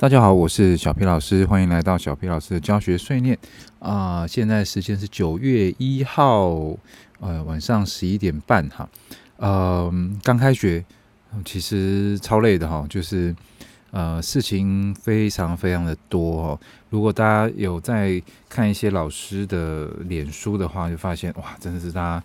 大家好，我是小皮老師，歡迎來到小皮老師的教學碎念啊！現在時間是九月一號，呃，晚上十一點半哈，呃，剛開學，其實超累的哈，就是呃，事情非常非常的多哦。如果大家有在看一些老師的臉書的話，就發現哇，真的是大家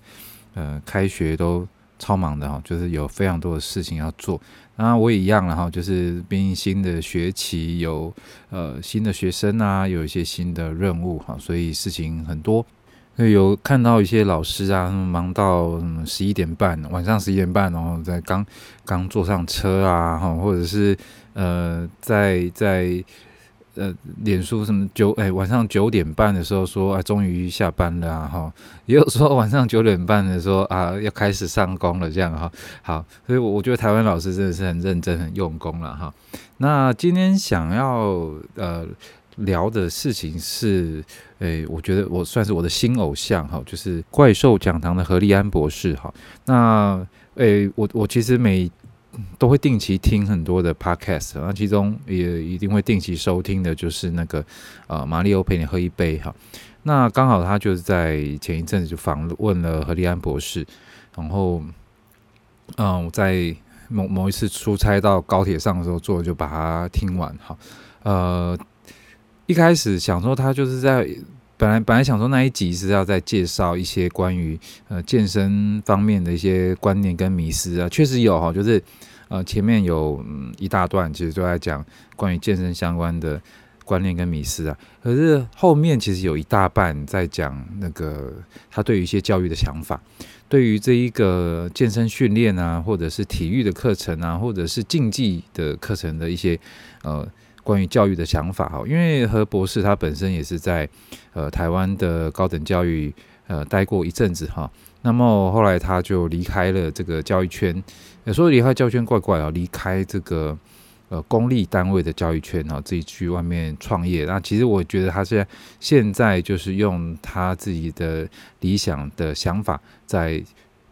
呃，開學都超忙的哈，就是有非常多的事情要做。啊，我也一樣了哈，就是併新的學期有，有呃新的學生啊，有一些新的任務哈，所以事情很多。有看到一些老師啊，他們忙到十一點半，晚上十一點半，然後在剛剛坐上車啊，哈，或者是呃在在。在呃，臉書什麼九哎、欸，晚上九點半的時候說啊，終於下班了哈、啊。也有說晚上九點半的時候啊，要開始上工了這樣哈。好，所以我我覺得台灣老師真的是很認真、很用功了哈。那今天想要呃聊的事情是，誒、欸，我覺得我算是我的新偶像哈，就是怪獸講堂的何立安博士哈。那誒、欸，我我其實每都會定期聽很多的 podcast，那其中也一定會定期收聽的就是那個呃、馬力歐陪你喝一杯哈。那剛好他就是在前一陣子就訪問了何立安博士，然後嗯、呃，我在某某一次出差到高鐵上的時候坐就把它聽完哈。呃，一開始想說他就是在。本來本來想說那一集是要再介紹一些關於呃健身方面的一些觀念跟迷思啊，確實有哈、哦，就是呃前面有嗯一大段其實都在講關於健身相關的觀念跟迷思啊，可是後面其實有一大半在講那個他對於一些教育的想法，對於這一個健身訓練啊，或者是體育的課程啊，或者是競技的課程的一些呃。關於教育的想法哈，因為何博士他本身也是在呃台灣的高等教育呃待過一陣子哈、哦，那麼後來他就離開了這個教育圈，有時候離開教育圈怪怪啊，離開這個呃公立單位的教育圈啊、哦，自己去外面創業。那其實我覺得他現現在就是用他自己的理想的想法在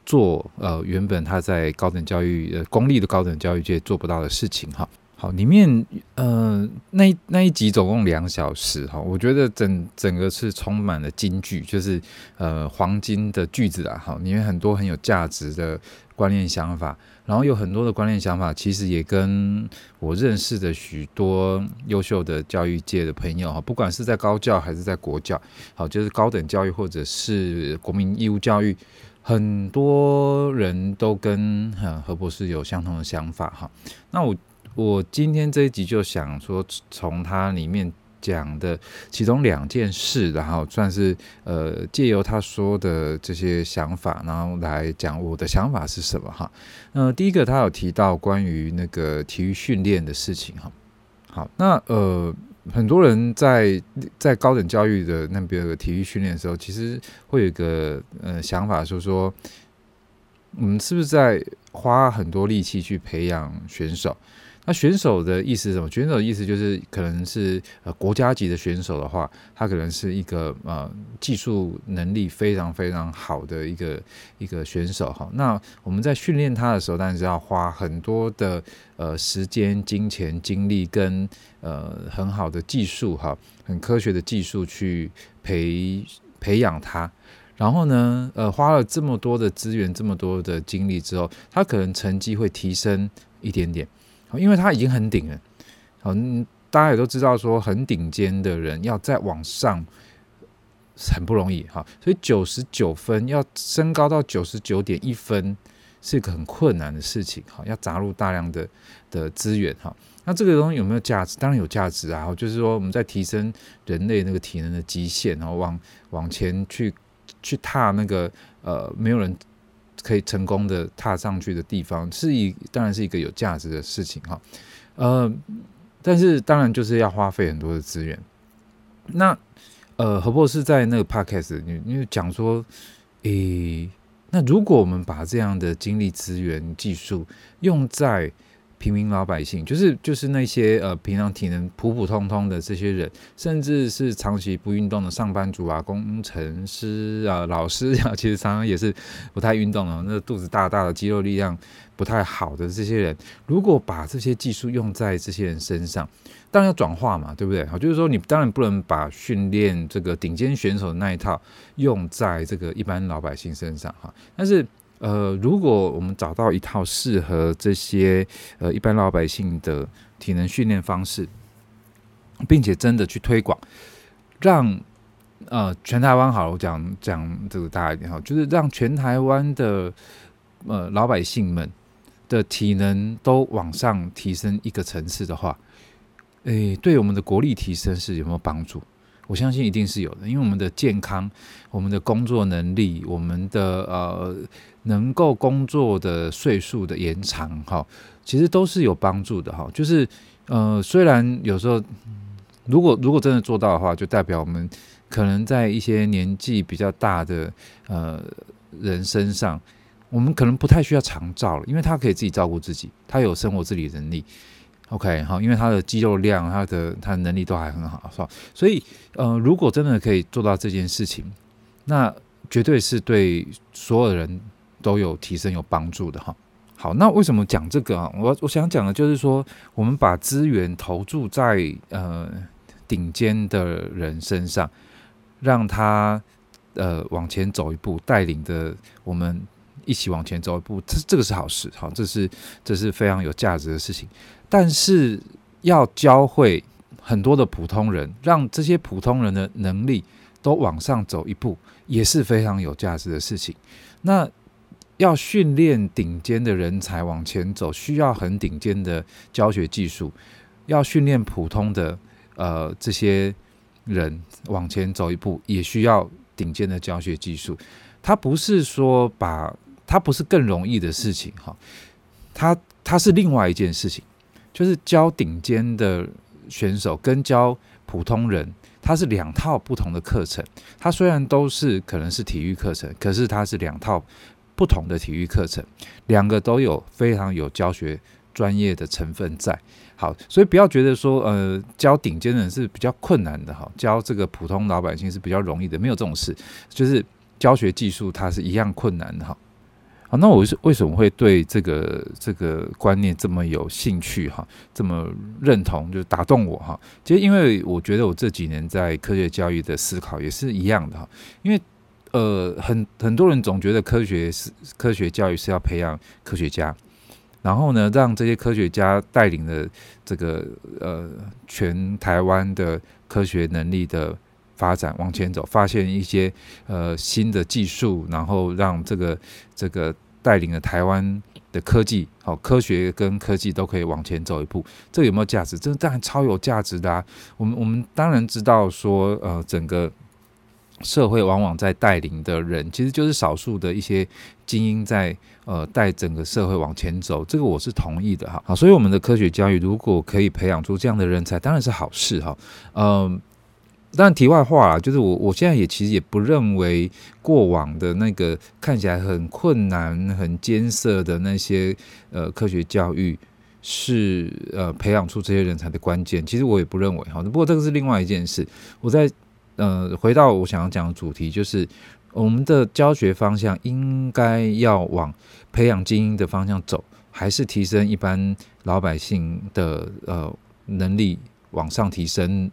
做呃原本他在高等教育呃公立的高等教育界做不到的事情哈。哦好，裡面呃，那一那一集總共兩小時哈，我覺得整整個是充滿了金句，就是呃黃金的句子啊，好，裡面很多很有價值的觀念想法，然後有很多的觀念想法，其實也跟我認識的許多優秀的教育界的朋友哈，不管是在高教還是在國教，好，就是高等教育或者是國民義務教育，很多人都跟何何博士有相同的想法哈，那我。我今天這一集就想說，從他裡面講的其中兩件事，然後算是呃借由他說的這些想法，然後來講我的想法是什麼哈。嗯，呃，第一個他有提到關於那個體育訓練的事情哈。好，那呃很多人在在高等教育的那邊的體育訓練的時候，其實會有個呃想法，就是說我們是不是在花很多力氣去培養選手？那選手的意思是什麼？選手的意思就是，可能是呃國家級的選手的話，他可能是一個呃技術能力非常非常好的一個一個選手哈。那我們在訓練他的時候，當然是要花很多的呃時間、金錢、精力跟呃很好的技術哈，很科學的技術去培培養他。然後呢，呃，花了這麼多的資源、這麼多的精力之後，他可能成績會提升一點點。因為他已經很頂了，好，大家也都知道說很頂尖的人要再往上很不容易哈，所以九十九分要升高到九十九點一分是一個很困難的事情哈，要砸入大量的的資源哈，那這個東西有沒有價值？當然有價值啊，就是說我們在提升人類那個體能的極限，然後往往前去去踏那個呃沒有人。可以成功的踏上去的地方，是一當然是一個有價值的事情哈，呃，但是當然就是要花費很多的資源。那呃，何博士在那個 podcast 你你講說，誒，那如果我們把這樣的精力、資源、技術用在……平民老百姓就是就是那些呃平常體能普普通通的這些人，甚至是長期不運動的上班族啊、工程師啊、老師啊，其實常常也是不太運動的，那肚子大大的、肌肉力量不太好的這些人，如果把這些技術用在這些人身上，當然要轉化嘛，對不對？哈，就是說你當然不能把訓練這個頂尖選手的那一套用在這個一般老百姓身上哈，但是。呃，如果我們找到一套適合這些呃一般老百姓的體能訓練方式，並且真的去推廣，讓呃全台灣，好了，我講講這個大一點哈，就是讓全台灣的呃老百姓們的體能都往上提升一個層次的話，誒、哎，對我們的國力提升是有沒有幫助？我相信一定是有的，因為我們的健康、我們的工作能力、我們的呃能夠工作的歲數的延長，哈，其實都是有幫助的，哈。就是呃，雖然有時候，如果如果真的做到的話，就代表我們可能在一些年紀比較大的呃人身上，我們可能不太需要長照了，因為他可以自己照顧自己，他有生活自理能力。OK，好，因為他的肌肉量、他的他能力都還很好，是吧？所以，呃，如果真的可以做到這件事情，那絕對是對所有人都有提升、有幫助的哈。好，那為什麼講這個啊？我我想講的就是說，我們把資源投注在呃頂尖的人身上，讓他呃往前走一步，帶領着我們。一起往前走一步。這這個是好事，好，這是這是非常有價值的事情。但是要教會很多的普通人，讓這些普通人的能力都往上走一步，也是非常有價值的事情。那要訓練頂尖的人才往前走，需要很頂尖的教學技術；要訓練普通的呃這些人往前走一步，也需要頂尖的教學技術。他不是說把，他不是更容易的事情哈，他他是另外一件事情，就是教頂尖的選手跟教普通人，他是兩套不同的課程。他雖然都是可能是體育課程，可是它是兩套不同的體育課程，兩個都有非常有教學專業的成分在。好，所以不要覺得說呃教頂尖的人是比較困難的哈，教這個普通老百姓是比較容易的，沒有這種事，就是。教學技術它是一樣困難的哈，啊，那我是為什麼會對這個這個觀念這麼有興趣哈，這麼認同，就是打動我哈。其實因為我覺得我這幾年在科學教育的思考也是一樣的哈，因為呃，很很多人總覺得科學是科學教育是要培養科學家，然後呢，讓這些科學家帶領的這個呃，全台灣的科學能力的。發展往前走，發現一些呃新的技術，然後讓這個這個帶領的台灣的科技好、哦、科學跟科技都可以往前走一步，這個有沒有價值？這當然超有價值的啊！我們我們當然知道說呃，整個社會往往在帶領的人其實就是少數的一些精英在呃帶整個社會往前走，這個我是同意的哈。好，所以我們的科學教育如果可以培養出這樣的人才，當然是好事哈。嗯、呃。但題外話啦，就是我我現在也其實也不認為過往的那個看起來很困難，很艱澀的那些呃科學教育是呃培養出這些人才的關鍵。其實我也不認為哈。不過這個是另外一件事。我再呃回到我想要講的主題，就是我們的教學方向應該要往培養精英的方向走，還是提升一般老百姓的呃能力往上提升？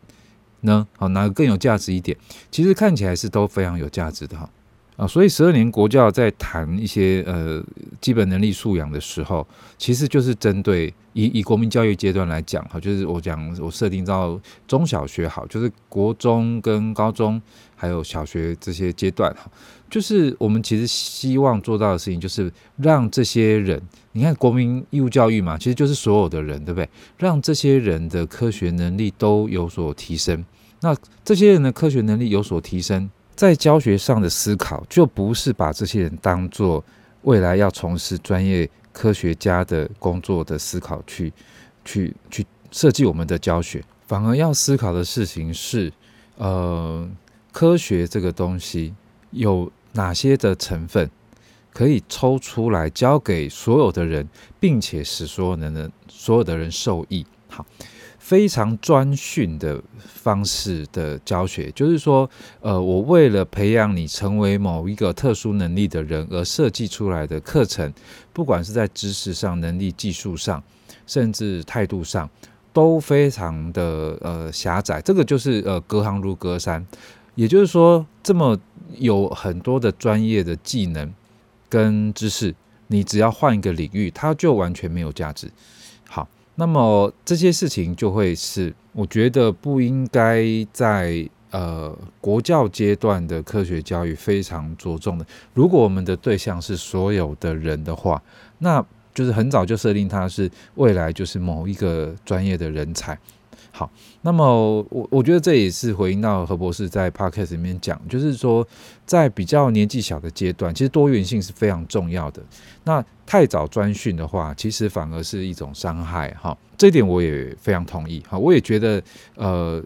能，好，哪個更有價值一點？其實看起來是都非常有價值的哈啊，所以十二年國教在談一些呃基本能力素養的時候，其實就是針對以以國民教育階段來講哈，就是我講我設定到中小學好，就是國中跟高中。還有小學這些階段哈，就是我們其實希望做到的事情，就是讓這些人，你看，國民義務教育嘛，其實就是所有的人，對不對？讓這些人的科學能力都有所提升。那這些人的科學能力有所提升，在教學上的思考，就不是把這些人當做未來要從事專業科學家的工作的思考去，去去設計我們的教學，反而要思考的事情是，呃。科學這個東西有哪些的成分可以抽出來教給所有的人，並且使所有的人所有的人受益？好，非常專訓的方式的教學，就是說，呃，我為了培養你成為某一個特殊能力的人而設計出來的課程，不管是在知識上、能力、技術上，甚至態度上，都非常的呃狹窄。這個就是呃，隔行如隔山。也就是說，這麼有很多的專業的技能跟知識，你只要換一個領域，它就完全沒有價值。好，那麼這些事情就會是我覺得不應該在呃國教階段的科學教育非常着重的。如果我們的對象是所有的人的話，那就是很早就設定他是未來就是某一個專業的人才。好，那麼我我覺得這也是回應到何博士在 podcast 裡面講，就是說在比較年紀小的階段，其實多元性是非常重要的。那太早專訓的話，其實反而是一種傷害。哈，這點我也非常同意。哈，我也覺得，呃，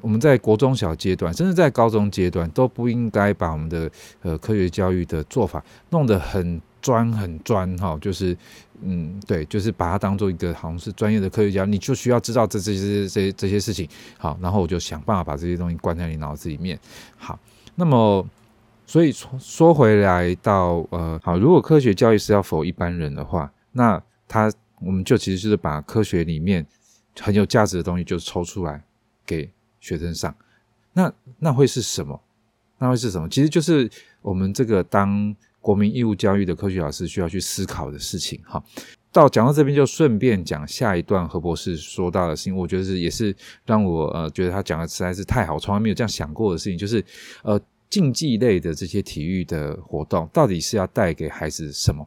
我們在國中小階段，甚至在高中階段，都不應該把我們的呃科學教育的做法弄得很。專很專哈，就是嗯，對，就是把它當做一個好像是專業的科學家，你就需要知道這些這這這些事情。好，然後我就想辦法把這些東西關在你腦子裡面。好，那麼，所以說，說回來到呃，好，如果科學教育是要 for 一般人的話，那他我們就其實就是把科學裡面很有價值的東西就抽出來給學生上。那那會是什麼？那會是什麼？其實就是我們這個當。國民義務教育的科學老師需要去思考的事情，哈。到講到這邊，就順便講下一段何博士說到的事情。我覺得是也是讓我呃覺得他講的實在是太好，我從來沒有這樣想過的事情，就是呃競技類的這些體育的活動到底是要帶給孩子什麼？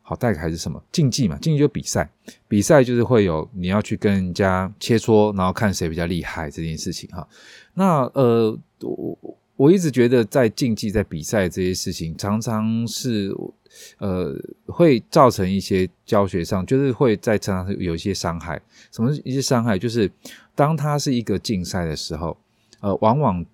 好，帶給孩子什麼？競技嘛，競技就比賽，比賽就是會有你要去跟人家切磋，然後看誰比較厲害這件事情哈。那呃，我。我一直覺得，在競技、在比賽這些事情，常常是，呃，會造成一些教學上，就是會在常常有一些傷害。什麼是一些傷害？就是當它是一個競賽的時候，呃，往往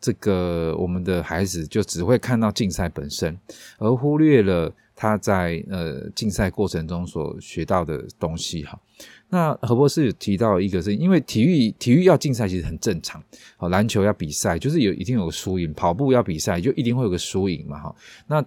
這個我們的孩子就只會看到競賽本身，而忽略了。他在呃競賽過程中所學到的東西哈、哦，那何博士有提到一個是因為體育體育要競賽其實很正常，好、哦、籃球要比賽就是有一定有個輸贏，跑步要比賽就一定會有個輸贏嘛哈、哦，那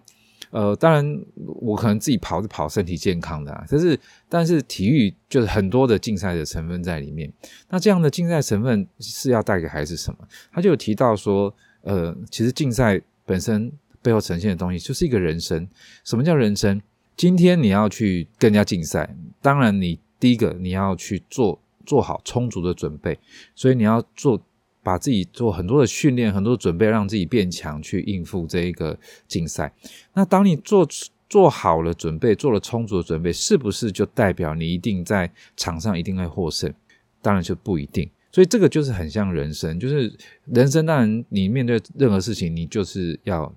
呃當然我可能自己跑着跑身體健康的、啊，但是但是體育就是很多的競賽的成分在裡面，那這樣的競賽成分是要帶給孩子什麼？他就有提到說呃其實競賽本身。背後呈現的東西就是一個人生。什麼叫人生？今天你要去跟人家競賽，當然你第一個你要去做做好充足的準備，所以你要做把自己做很多的訓練，很多的準備，讓自己變強，去應付這一個競賽。那當你做做好了準備，做了充足的準備，是不是就代表你一定在場上一定會獲勝？當然就不一定。所以這個就是很像人生，就是人生當然你面對任何事情，你就是要。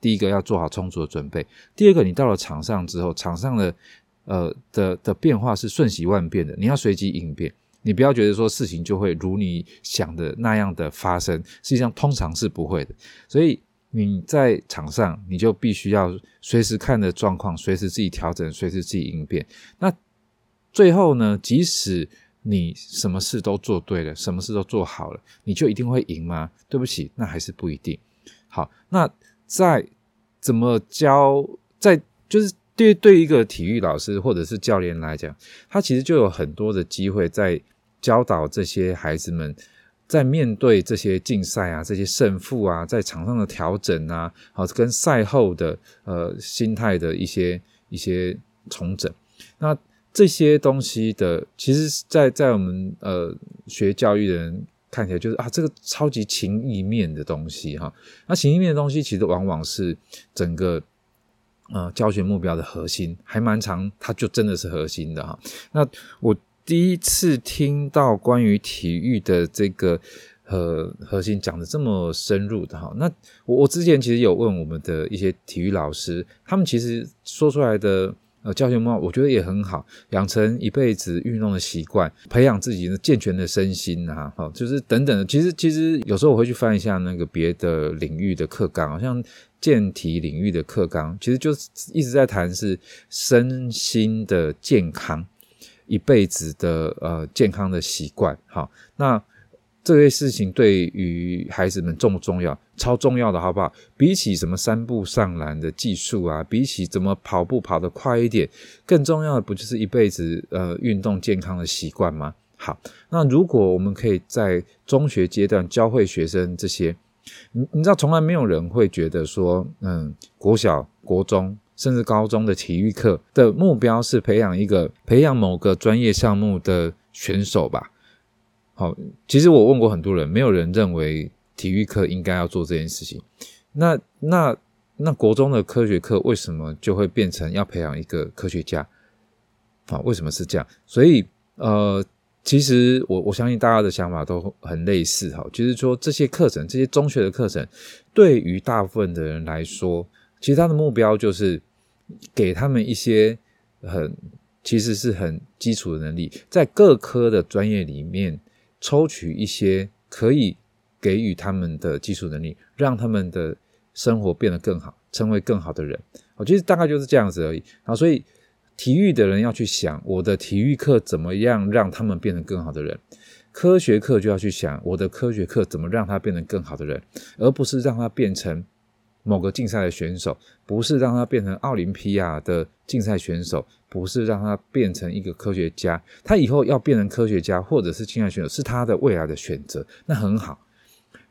第一個要做好充足的準備，第二個你到了場上之後，場上的呃的的變化是瞬息萬變的，你要隨機應變，你不要覺得說事情就會如你想的那樣的發生，實際上通常是不會的，所以你在場上你就必須要隨時看的狀況，隨時自己調整，隨時自己應變。那最後呢，即使你什麼事都做對了，什麼事都做好了，你就一定會贏嗎？對不起，那還是不一定。好，那。在怎麼教，在就是對，對一個體育老師或者是教練來講，他其實就有很多的機會在教導這些孩子們，在面對這些競賽啊、這些勝負啊、在場上的調整啊，啊，好跟賽後的呃心態的一些一些重整。那這些東西的，其實，在在我們呃學教育的人。看起來就是啊，這個超級情意面的東西哈，那情意面的東西其實往往是整個呃教學目標的核心，還蠻常，它就真的是核心的哈。那我第一次聽到關於體育的這個呃核心講的這麼深入的哈，那我我之前其實有問我們的一些體育老師，他們其實說出來的。呃，教學目標我覺得也很好，養成一輩子運動的習慣，培養自己健全的身心啊，好、哦，就是等等的。其實，其實有時候我會去翻一下那個別的領域的課綱，好像健體領域的課綱，其實就是一直在談是身心的健康，一輩子的呃健康的習慣。好、哦，那。這些事情對於孩子們重不重要？超重要的，好不好？比起什麼三步上籃的技術啊，比起怎麼跑步跑得快一點，更重要的不就是一輩子呃運動健康的習慣嗎？好，那如果我們可以在中學階段教會學生這些，你你知道，從來沒有人會覺得說，嗯，國小、國中甚至高中的體育課的目標是培養一個培養某個專業項目的選手吧？好，其實我問過很多人，沒有人認為體育課應該要做這件事情。那那那國中的科學課為什麼就會變成要培養一個科學家啊？為什麼是這樣？所以呃，其實我我相信大家的想法都很類似。哈，就是說這些課程，這些中學的課程，對於大部分的人來說，其實他的目標就是給他們一些很其實是很基礎的能力，在各科的專業裡面。抽取一些可以給予他們的技術能力，讓他們的生活變得更好，成為更好的人。我覺得大概就是這樣子而已啊。所以體育的人要去想，我的體育課怎麼樣讓他們變成更好的人，科學課就要去想，我的科學課怎麼讓他變成更好的人，而不是讓他變成某個競賽的選手，不是讓他變成奧林匹亞的競賽選手，不是讓他變成一個科學家，他以後要變成科學家或者是競賽選手，是他的未來的選擇，那很好。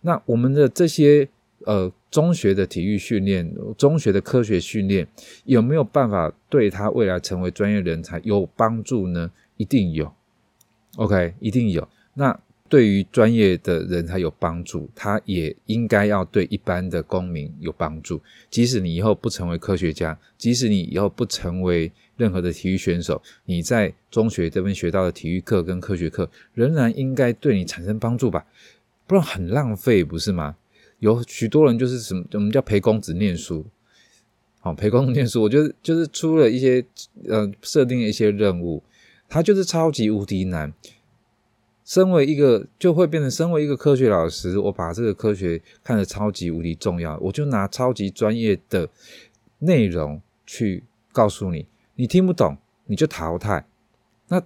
那我們的這些呃、中學的體育訓練、中學的科學訓練，有沒有辦法對他未來成為專業人才有幫助呢？一定有，OK，一定有。那對於專業的人才有幫助，他也應該要對一般的公民有幫助。即使你以後不成為科學家，即使你以後不成為任何的體育選手，你在中學這邊學到的體育課跟科學課，仍然應該對你產生幫助吧？不然很浪費，不是嗎？有許多人就是什麼，我們叫陪公子念書，好，陪公子念書。我覺得就是出了一些呃，設定了一些任務，它就是超級無敵難。身為一個，就會變成身為一個科學老師，我把這個科學看得超級無敵重要，我就拿超級專業的內容去告訴你，你聽不懂你就淘汰，那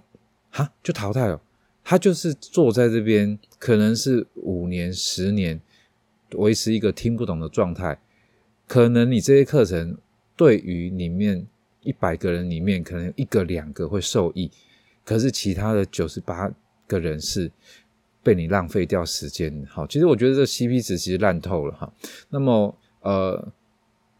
哈就淘汰哦。他就是坐在這邊，可能是五年、十年維持一個聽不懂的狀態，可能你這些課程對於裡面一百個人裡面，可能一個、兩個會受益，可是其他的九十八。一個人是被你浪費掉時間的，好，其實我覺得這 CP 值其實爛透了哈。那麼，呃，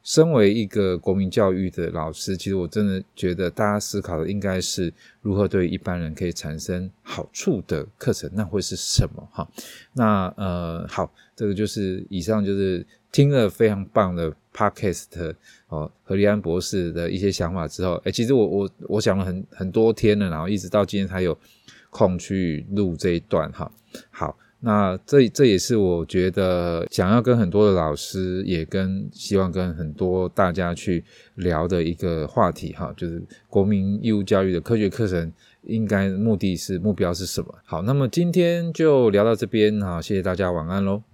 身為一個國民教育的老師，其實我真的覺得大家思考的應該是如何對一般人可以產生好處的課程，那會是什麼？哈，那呃，好，這個就是以上就是聽了非常棒的 Podcast 哦，何立安博士的一些想法之後，哎，其實我我我想了很很多天了，然後一直到今天才有空去錄這一段哈，好，那這這也是我覺得想要跟很多的老師，也跟希望跟很多大家去聊的一個話題哈，就是國民義務教育的科學課程應該目的是，目標是什麼？好，那麼今天就聊到這邊哈，謝謝大家，晚安嘍。